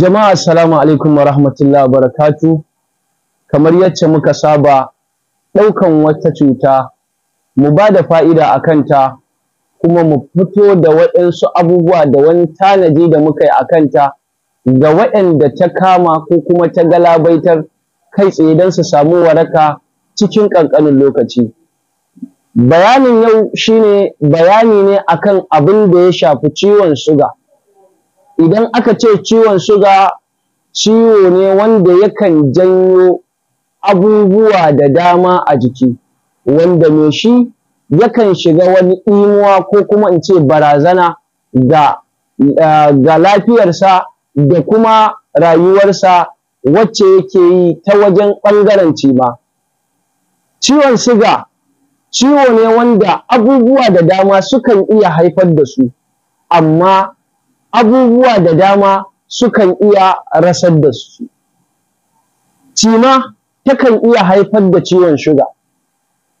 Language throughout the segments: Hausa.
Jama'a assalamu alaikum wa rahmatullahi barakatu. Kamar yacce muka saba ɗaukan wata cuta mu ba da fa'ida a kanta kuma mu fito da waɗansu abubuwa da wani tanaji da muka yi a kanta ga waɗanda ta kama ko kuma ta galabaitar kai tsaye don su samu waraka cikin ƙanƙanin lokaci. Bayanin yau shine bayani ne akan abin da ya shafi ciwon suga. idan aka ce ciwon suga ciwo ne wanda yakan janyo abubuwa da dama a jiki wanda mai shi yakan shiga wani imuwa ko kuma in ce barazana ga ga lafiyarsa da kuma rayuwarsa wacce yake yi ta wajen ɓangaren ba. Ciwon suga ciwo ne wanda abubuwa da dama sukan iya haifar da su, amma abubuwa da dama sukan iya rasar da su cima takan iya haifar da ciwon shuga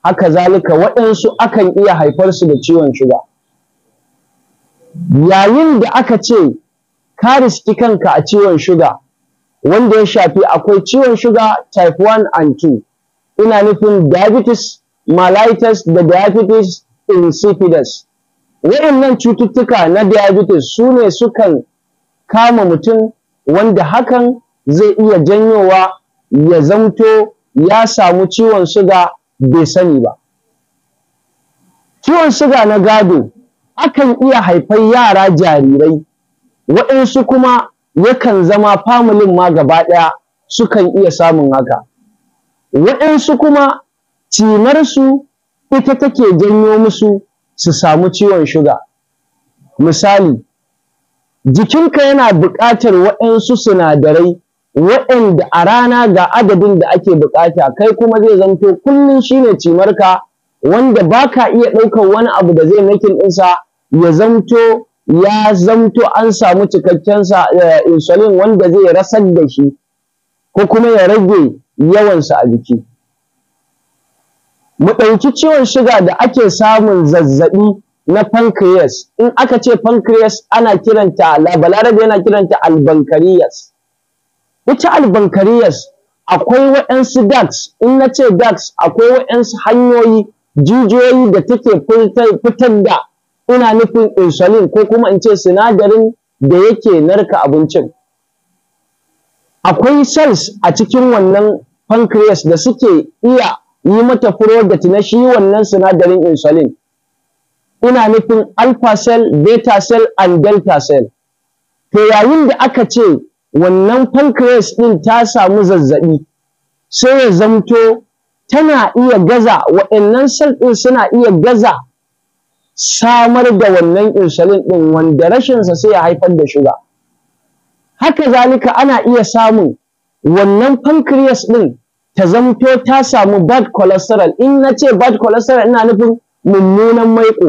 haka zalika waɗansu akan iya haifar su da ciwon shuga yayin da aka ce ka riski kanka a ciwon shuga wanda ya shafi akwai ciwon shuga type 1 and 2 ina nufin diabetes mellitus da diabetes insipidus Waɗannan cututtuka na diabetes su ne sukan kama mutum wanda hakan zai iya janyowa ya zamto ya samu ciwon suga bai sani ba. Ciwon suga na gado akan iya haifar yara jarirai, waɗansu kuma yakan zama familin ma gaba ɗaya sukan iya samun haka. Waɗansu kuma cimarsu ita take janyo musu su samu ciwon shuga misali jikinka yana buƙatar waɗansu sinadarai waɗanda a rana ga adadin da ake buƙata kai kuma zai zanto kullum shine cimarka wanda ba ka iya ɗaukar wani abu da zai makin ɗinsa ya zanto ya zamto an samu cikakken eh, insulin wanda zai rasar da shi ko kuma ya rage yawansa a jiki. mu ɗauki ciwon shiga da ake samun zazzaɓi na pancreas in aka ce pancreas ana kiranta balarabe yana kiranta albankariyas ita albankariyas akwai waɗansu ducts in na ce ducts akwai waɗansu hanyoyi jijiyoyi da take fitar da ina nufin insulin ko kuma in ce sinadarin da yake narka abincin akwai cells a cikin wannan pancreas da suke iya yi mata product na shi wannan sinadarin insulin ina nufin alpha cell beta cell and delta cell to yayin da aka ce wannan pancreas din ta samu zazzabi sai ya zamto tana iya gaza waɗannan cell din suna iya gaza samar da wannan insulin din wanda rashinsa sai ya haifar da shuga haka zalika ana iya samun wannan pancreas din ta zamto ta samu bad cholesterol in na ce bad cholesterol ina nufin mummunan maiƙo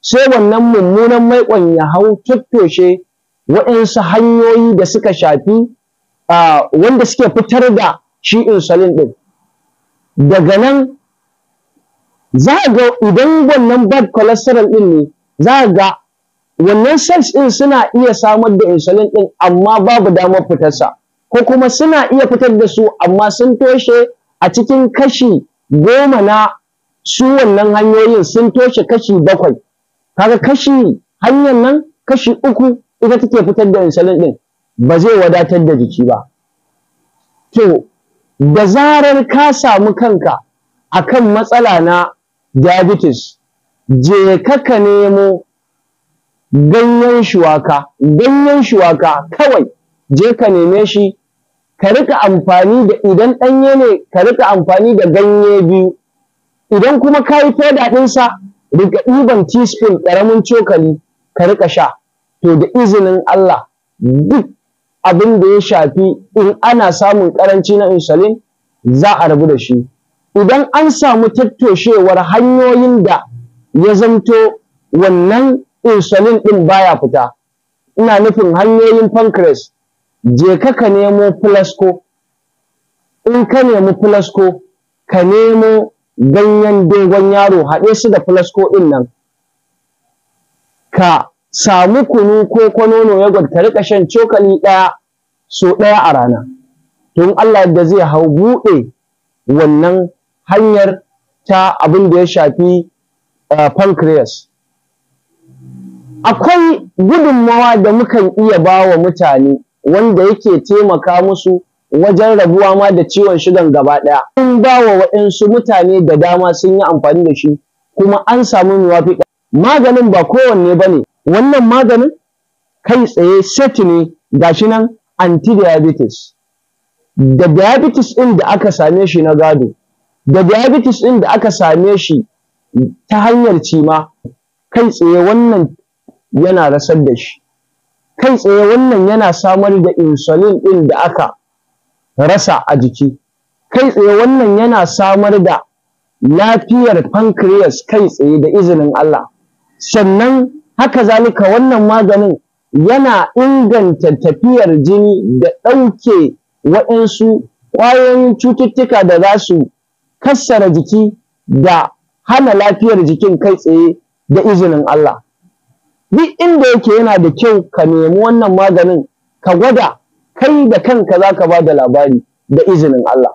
sai wannan mummunan maiƙon ya hau tattoshe waɗansu hanyoyi da suka shafi wanda suke fitar da shi insulin ɗin daga nan za a ga idan wannan bad cholesterol ɗin ne za a ga wannan cells ɗin suna iya samar da insulin ɗin amma babu damar fitarsa ko kuma suna iya fitar da su amma sun toshe a cikin kashi goma na su wannan hanyoyin sun toshe kashi bakwai kaga kashi hanyar nan kashi uku ita take fitar da insulin din ba zai wadatar da jiki ba to da zarar ka samu kanka akan matsala na diabetes je ka ka nemo ganyen shuwaka ganyen shuwaka kawai je ka neme shi ka rika amfani da idan ɗanye ne ka rika amfani da ganye biyu idan kuma ka yi foda ɗinsa rika ɗiban teaspoon ƙaramin cokali ka rika sha to da izinin Allah duk abin da ya shafi in ana samun ƙaranci na insulin za a rabu da shi idan an samu tattoshewar hanyoyin da ya zamto wannan insulin ɗin baya fita ina nufin hanyoyin pancreas je ka ka nemo flasko, in ka nemi flasko ka nemo ganyen dogon yaro haɗe su da flasko ɗin nan ka samu kunu ko kwanono ya ka riƙa shan cokali ɗaya so ɗaya a rana don Allah da zai hau buɗe wannan hanyar ta abin da ya shafi eh, pancreas akwai gudunmawa da mukan iya ba wa mutane wanda yake taimaka musu wajen rabuwa ma da ciwon shigan gaba ɗaya. Sun ba wa waɗansu mutane da dama sun yi amfani da shi kuma an samu muwafiƙa. Maganin ba kowanne ba ne, wannan maganin kai tsaye set ne gashi nan Antidiabetes. diabetes Da diabetes ɗin da aka same shi na gado, da diabetes ɗin da aka same shi ta hanyar cima, kai tsaye wannan yana rasar da shi. kai tsaye wannan yana samar da insulin ɗin da aka rasa a jiki kai tsaye wannan yana samar da lafiyar pancreas kai tsaye da izinin Allah sannan haka zalika wannan maganin yana inganta tafiyar jini da ɗauke waɗansu ƙwayoyin cututtuka da za su kassara jiki da hana lafiyar jikin kai tsaye da izinin Allah duk inda yake yana da kyau ka nemi wannan maganin ka gwada kai da kanka za ka ba da labari da izinin Allah